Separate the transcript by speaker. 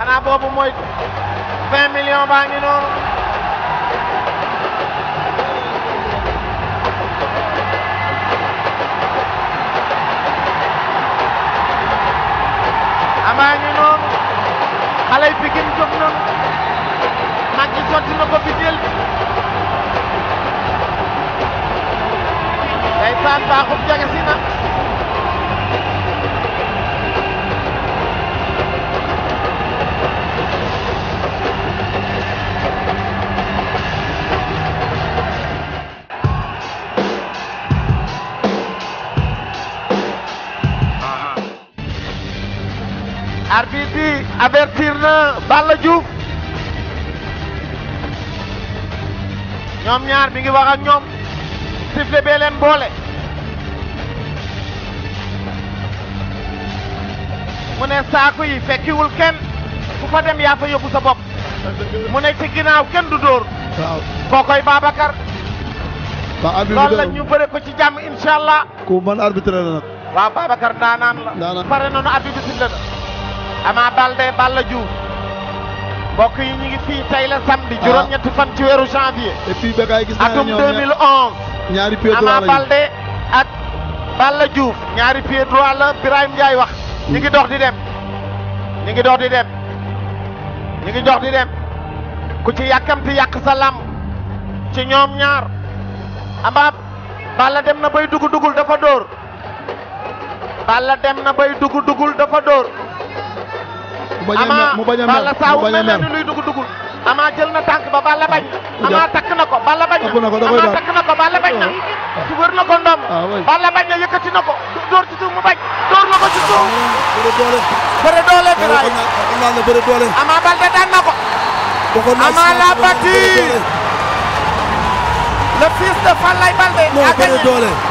Speaker 1: xanaa boobu mooy 20 millions baa ngi noonu amaa ngi noonu xale Pikin jóg noonu mag yi sotti na ko biteel bi day saan baaxub jege si na arbitre bi avertir na Balla Diouf ñoom ñaar bi ngi wax ak ñoom sifflet bee leen boole mu ne saaku yi fekkiwul kenn ku fa dem yaa fa yóbbu sa bopp mu ne ci ginnaaw kenn du dóor waaw kookoy Babacar loolu la ñu bëre ko ci jàmm incha allah ku mën arbitre la nag waaw Babacar daanaan la pare noonu arbitre bi sifflet Ama Baldé Balla Diouf mbokk yi ñu ngi fii tey la samedi. waaw ah. juróom-ñetti fan ci weeru janvier. et puis atum 2011. ñaari pied droit la Ama Baldé ak Balla Diouf. ñaari pied droit la Birahim Ndiaye wax. ñu ngi dox di dem. ñu ngi dox di dem. ñu ngi dox di dem. ku ci yàkkamti yàq sa làmb ci ñoom ñaar. Ama Balla dem na bay dugg duggul dafa dóor. Balla dem na bay dugg duggul dafa dóor. ama Balla saa wu mel ni luy dugg dugul ama jël na tànk ba Balla bañ ama takk na ko Balla bañ na ama na ko Balla bañ na ah, su ko ndom ah, Balla bañ na yëkkati na ko door ci suuf mu bañ door na ko ci suuf ah, bëre doole bëre doole ama Balde daan na ko ama la bati le fils de Fallay Balde